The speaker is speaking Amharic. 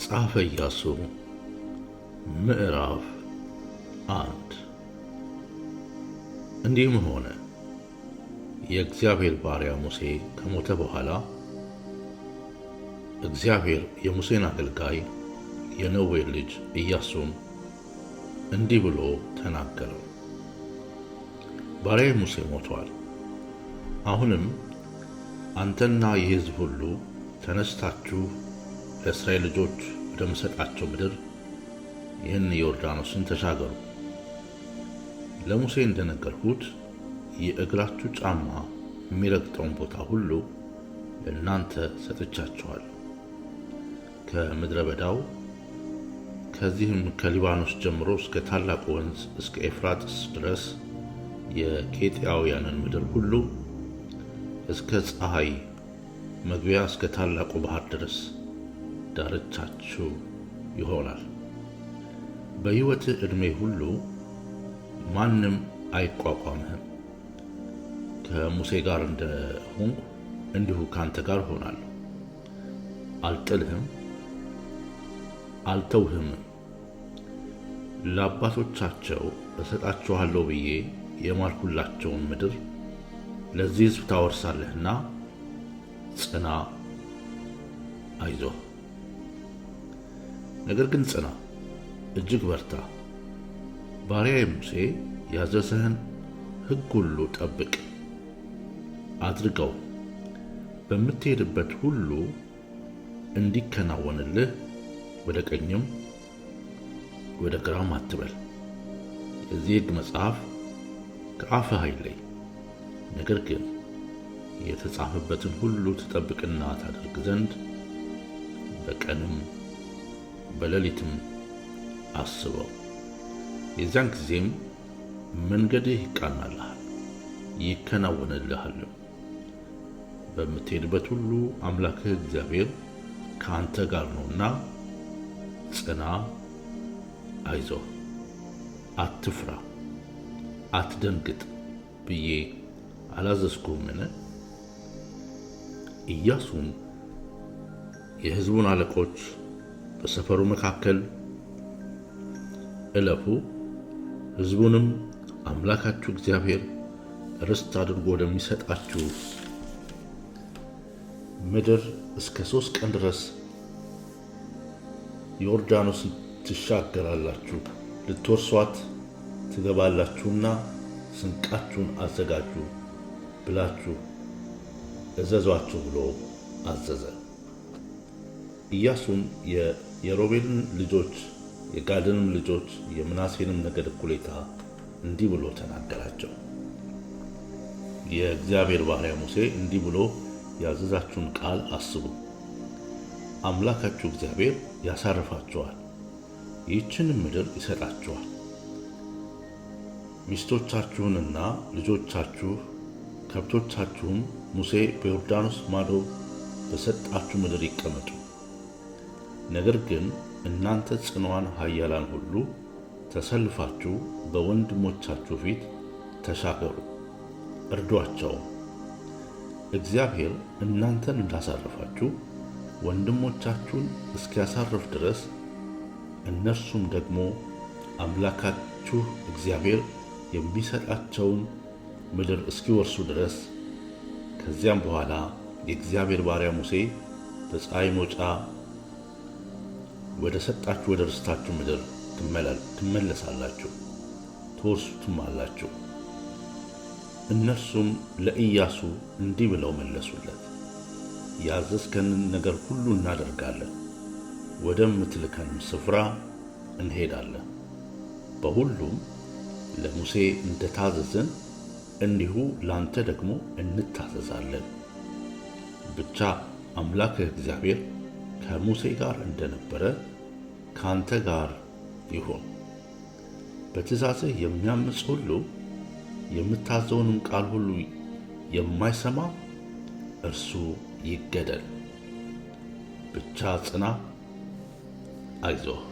መጽሐፈ ኢያሱ ምዕራፍ አንድ እንዲህም ሆነ የእግዚአብሔር ባሪያ ሙሴ ከሞተ በኋላ እግዚአብሔር የሙሴን አገልጋይ የነዌ ልጅ ኢያሱን እንዲህ ብሎ ተናገረው። ባሪያ ሙሴ ሞቷል። አሁንም አንተና የሕዝብ ሁሉ ተነስታችሁ ለእስራኤል ልጆች ወደምሰጣቸው ምድር ይህን ዮርዳኖስን ተሻገሩ። ለሙሴ እንደነገርኩት የእግራችሁ ጫማ የሚረግጠውን ቦታ ሁሉ ለእናንተ ሰጥቻችኋለሁ። ከምድረ በዳው ከዚህም ከሊባኖስ ጀምሮ እስከ ታላቁ ወንዝ እስከ ኤፍራጥስ ድረስ የኬጥያውያንን ምድር ሁሉ እስከ ፀሐይ መግቢያ እስከ ታላቁ ባህር ድረስ ዳርቻችሁ ይሆናል። በሕይወት ዕድሜ ሁሉ ማንም አይቋቋምህም። ከሙሴ ጋር እንደሆንኩ እንዲሁ ካንተ ጋር ሆናለሁ። አልጥልህም፣ አልተውህም። ለአባቶቻቸው እሰጣችኋለሁ ብዬ የማልኩላቸውን ምድር ለዚህ ሕዝብ ታወርሳለህና ጽና፣ አይዞህ። ነገር ግን ጽና፣ እጅግ በርታ። ባሪያዬ ሙሴ ያዘዘህን ሕግ ሁሉ ጠብቅ አድርገው፣ በምትሄድበት ሁሉ እንዲከናወንልህ። ወደ ቀኝም ወደ ግራም አትበል። የዚህ ሕግ መጽሐፍ ከአፍህ አይለይ፣ ነገር ግን የተጻፈበትን ሁሉ ትጠብቅና ታደርግ ዘንድ በቀንም በሌሊትም አስበው። የዚያን ጊዜም መንገድህ ይቃናልሃል ይከናወንልሃልም። በምትሄድበት ሁሉ አምላክህ እግዚአብሔር ከአንተ ጋር ነውና ጽና፣ አይዞህ፣ አትፍራ፣ አትደንግጥ ብዬ አላዘዝኩህምን? ኢያሱም የሕዝቡን አለቆች በሰፈሩ መካከል እለፉ፣ ሕዝቡንም አምላካችሁ እግዚአብሔር ርስት አድርጎ ወደሚሰጣችሁ ምድር እስከ ሦስት ቀን ድረስ ዮርዳኖስ ትሻገራላችሁ ልትወርሷት ትገባላችሁና ስንቃችሁን አዘጋጁ ብላችሁ እዘዟችሁ ብሎ አዘዘ። ኢያሱም የሮቤልን ልጆች የጋድንም ልጆች የምናሴንም ነገድ እኩሌታ እንዲህ ብሎ ተናገራቸው። የእግዚአብሔር ባሪያ ሙሴ እንዲህ ብሎ ያዘዛችሁን ቃል አስቡ። አምላካችሁ እግዚአብሔር ያሳርፋችኋል፣ ይህችንም ምድር ይሰጣችኋል። ሚስቶቻችሁንና ልጆቻችሁ ከብቶቻችሁም ሙሴ በዮርዳኖስ ማዶ በሰጣችሁ ምድር ይቀመጡ። ነገር ግን እናንተ ጽኑዓን ኃያላን ሁሉ ተሰልፋችሁ በወንድሞቻችሁ ፊት ተሻገሩ፣ እርዷቸው። እግዚአብሔር እናንተን እንዳሳረፋችሁ ወንድሞቻችሁን እስኪያሳርፍ ድረስ እነርሱም ደግሞ አምላካችሁ እግዚአብሔር የሚሰጣቸውን ምድር እስኪወርሱ ድረስ። ከዚያም በኋላ የእግዚአብሔር ባሪያ ሙሴ በፀሐይ መውጫ ወደ ሰጣችሁ ወደ ርስታችሁ ምድር ትመለሳላችሁ ትወርሱትማላችሁ። እነርሱም ለኢያሱ እንዲህ ብለው መለሱለት፣ ያዘዝከንን ነገር ሁሉ እናደርጋለን፣ ወደምትልከንም ስፍራ እንሄዳለን። በሁሉም ለሙሴ እንደታዘዝን እንዲሁ ላንተ ደግሞ እንታዘዛለን። ብቻ አምላክህ እግዚአብሔር ከሙሴ ጋር እንደነበረ ከአንተ ጋር ይሁን። በትእዛዝህ የሚያምፅ ሁሉ የምታዘውንም ቃል ሁሉ የማይሰማ እርሱ ይገደል። ብቻ ጽና፣ አይዞህ።